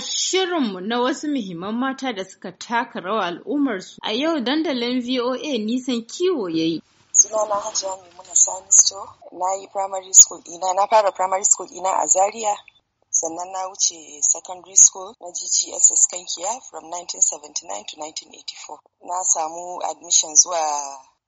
shirinmu na wasu muhimman mata da suka taka rawa al'ummarsu a yau dandalin VOA nisan kiwo ya yi. Sunana Hajiya Maimuna Sani Sto, na yi primary school ina, na fara primary school ina a Zaria. Sannan na wuce secondary school na GGSS Kankiya from 1979 to 1984. Na samu admission zuwa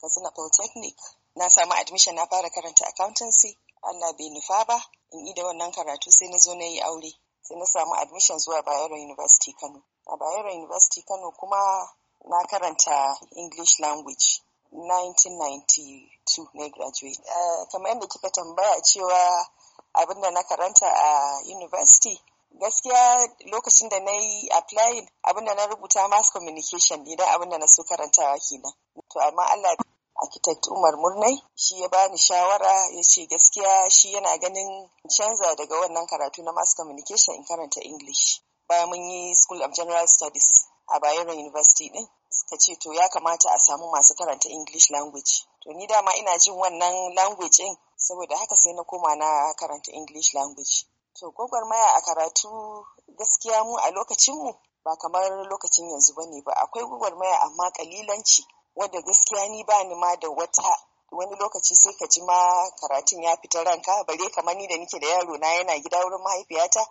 Katsina Polytechnic. Na samu admission na fara karanta accountancy. Allah bai nufa ba, in yi wannan karatu sai na zo na yi aure. sai na samu admission zuwa Bayero University Kano. A Bayero University Kano kuma na karanta English language 1992 na graduate. Uh, kamar yadda kika tambaya cewa abin da na karanta a university gaskiya lokacin da na yi applying abin da na rubuta mass communication idan abin da na so karantawa kenan. To amma Allah architect Umar Murnai shi ya bani shawara ya ce gaskiya shi yana ganin canza daga wannan karatu na mass communication in karanta English. Bayan mun yi School of General Studies a Bayero University din suka ce to ya kamata a samu masu karanta English language. To ni dama ina jin wannan language din saboda haka sai na koma na karanta English language. To gwagwarmaya a karatu gaskiya mu a lokacinmu ba kamar lokacin yanzu bane ba akwai gwagwarmaya amma kalilanci. Wanda gaskiya ni ba ni ma da wata wani lokaci sai ka ji ma karatun ya fita ranka bare kamar ni da nike da yaro na yana gida wurin mahaifiyata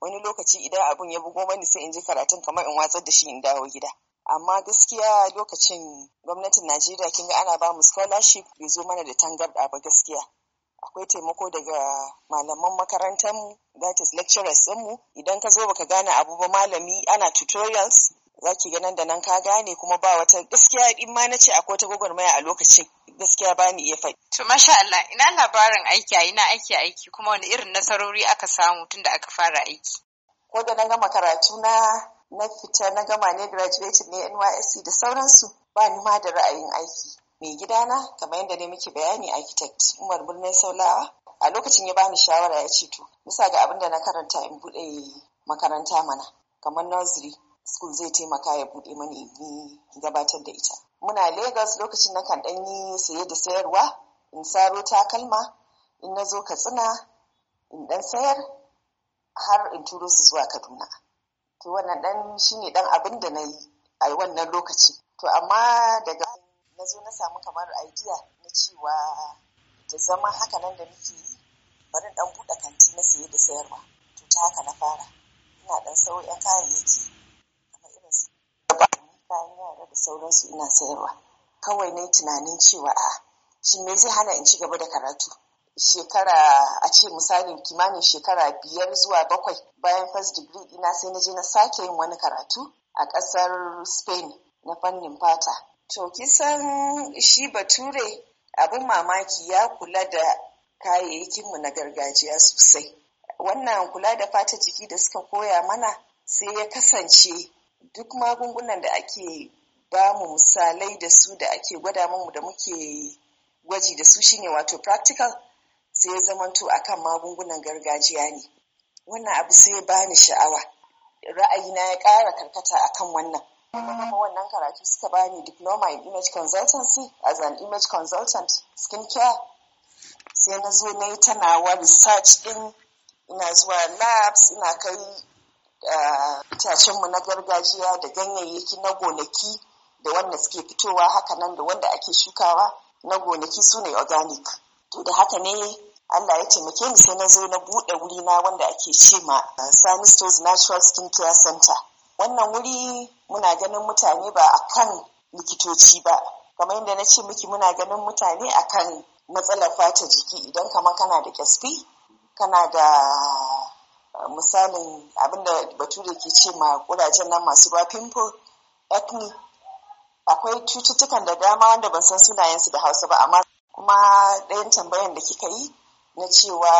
wani lokaci idan abun ya bugo mani sai in ji karatun kamar in watsar da shi in dawo gida amma gaskiya lokacin gwamnatin najeriya kin kinga ana ba mu scholarship bai zo mana da tangarɗa ba gaskiya akwai taimako daga malaman makarantar mu, that is lecturers mu, idan ka zo baka gane abu ba malami ana tutorials za ki ga nan da nan ka gane kuma ba wata gaskiya in ma na ce akwai wata gwagwarmaya a lokacin gaskiya ba ni iya faɗi. To masha Allah ina labarin aiki a ina aiki a aiki kuma wani irin nasarori aka samu tun da aka fara aiki. Ko da na gama karatu na na fita na gama ne graduate ne NYSC da sauransu ba ni ma da ra'ayin aiki. Mai gidana kamar yadda ne muke bayani architect Umar Birnin Saulawa a lokacin ya bani shawara ya ce to bisa ga abin da na karanta in buɗe makaranta mana kamar nursery school zai taimaka ya buɗe mani in gabatar da ita muna Legas lokacin na kan ɗanyi saye da sayarwa in saro takalma in na zo katsina in ɗan sayar har in turo su zuwa kaduna to wannan ɗan shine ɗan abin da na yi a wannan lokaci to amma daga na zo na samu kamar idea na cewa da zama haka nan da muke yi bari ɗan buɗe kanti na saye da sayarwa to ta haka na fara ina ɗan sauri 'yan kayayyaki sauransu ina sayarwa kawai na tunanin cewa a shi me zai hana in ci gaba da karatu shekara a ce misalin kimanin shekara biyar zuwa bakwai bayan first degree ina sai na je na sake yin wani karatu a ƙasar spain na fannin fata to kisan shi bature abin mamaki ya kula da kayayyakin mu na gargajiya sosai wannan kula da fata jiki da suka koya mana sai ya kasance duk magungunan da ake ba mu misalai da su da ake gwada mu da muke gwaji da su shine wato practical sai ya zamanto akan magungunan gargajiya ne wannan abu sai ya bani sha'awa ra'ayina ya ƙara karkata akan wannan kuma wannan karatu suka bani diploma in image consultancy as an image consultant skincare sai na zo na yi tanawa research din ina zuwa labs ina kai eh, itacenmu na gargajiya da ganyayyaki na gonaki da wanda suke fitowa haka nan da wanda ake shukawa na gonaki su ne organic to da haka ne Allah ya taimake ni sai na zo na buɗe wuri na wanda ake ce ma uh, Sanistos Natural Skin Care Center wannan wuri muna ganin mutane ba akan likitoci ba kamar yadda na ce miki muna ganin mutane akan matsalar fata jiki idan kamar kana da kyasfi kana da uh, misalin abinda bature ke ce ma kurajen nan masu ba pimple acne akwai cututtukan da dama wanda ban san sunayensu da hausa ba amma kuma ɗayan tambayan da kika yi na cewa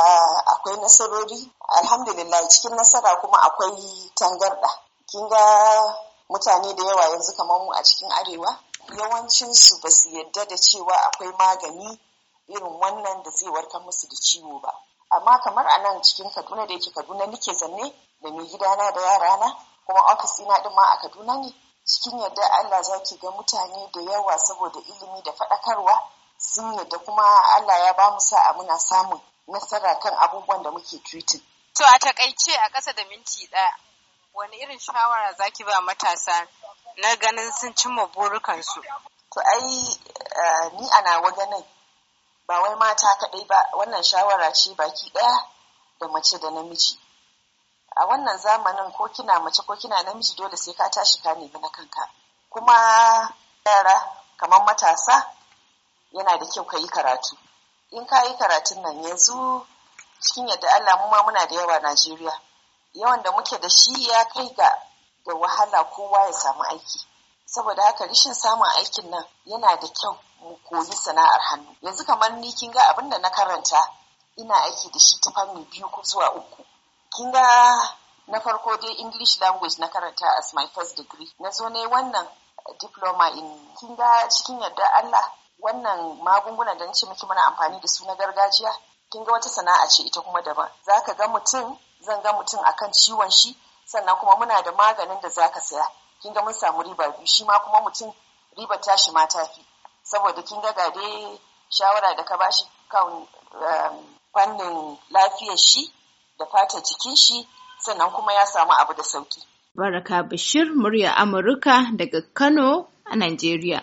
akwai nasarori alhamdulillah cikin nasara kuma akwai tangarɗa kin ga mutane da yawa yanzu kamar mu a cikin arewa yawancinsu ba su yadda da cewa akwai magani irin wannan da zai warkar musu da ciwo ba amma kamar a nan cikin kaduna da yake kaduna nike zanne da mai gidana da yarana kuma ofis ɗina ɗin ma a kaduna ne cikin yadda Allah za ki ga mutane da yawa saboda ilimi da faɗakarwa sun yadda kuma Allah ya ba mu sa'a muna samun nasara kan abubuwan da muke tweeting. To a takaice a ƙasa da minti ɗaya wani irin shawara za ki ba matasa na ganin sun cimma burukansu? To ai eh, ni ana waganin ba wai mata kaɗai ba wannan shawara ce baki ɗaya da mace da namiji. a wannan zamanin ko kina mace ko kina namiji dole sai ka tashi ka nemi na kanka kuma yara kamar matasa yana da kyau ka yi karatu in ka yi karatun nan yanzu cikin yadda Allah mu ma muna da yawa Najeriya yawan da muke da shi ya kai ga da wahala kowa ya samu aiki saboda haka rishin samun aikin nan yana da kyau mu koyi sana'ar hannu yanzu kamar ni kin ga abin da na karanta ina aiki da shi ta fanni biyu ko zuwa uku kin ga na farko dai English language na karanta as my first degree na zo ne wannan diploma in kin ga cikin yadda Allah wannan magungunan da nace miki muna amfani da su na gargajiya kin ga wata sana'a ce ita kuma daban zaka ga mutum zan ga mutum kan ciwon shi sannan kuma muna da maganin da zaka saya kin ga mun samu riba biyu shi ma kuma mutum riba tashi ma ta fi. saboda kin ga gade shawara da ka bashi kan um, fannin lafiyar shi da fata jikin shi sannan kuma ya samu abu da sauki. Baraka Bashir, murya Amurka daga Kano a Najeriya.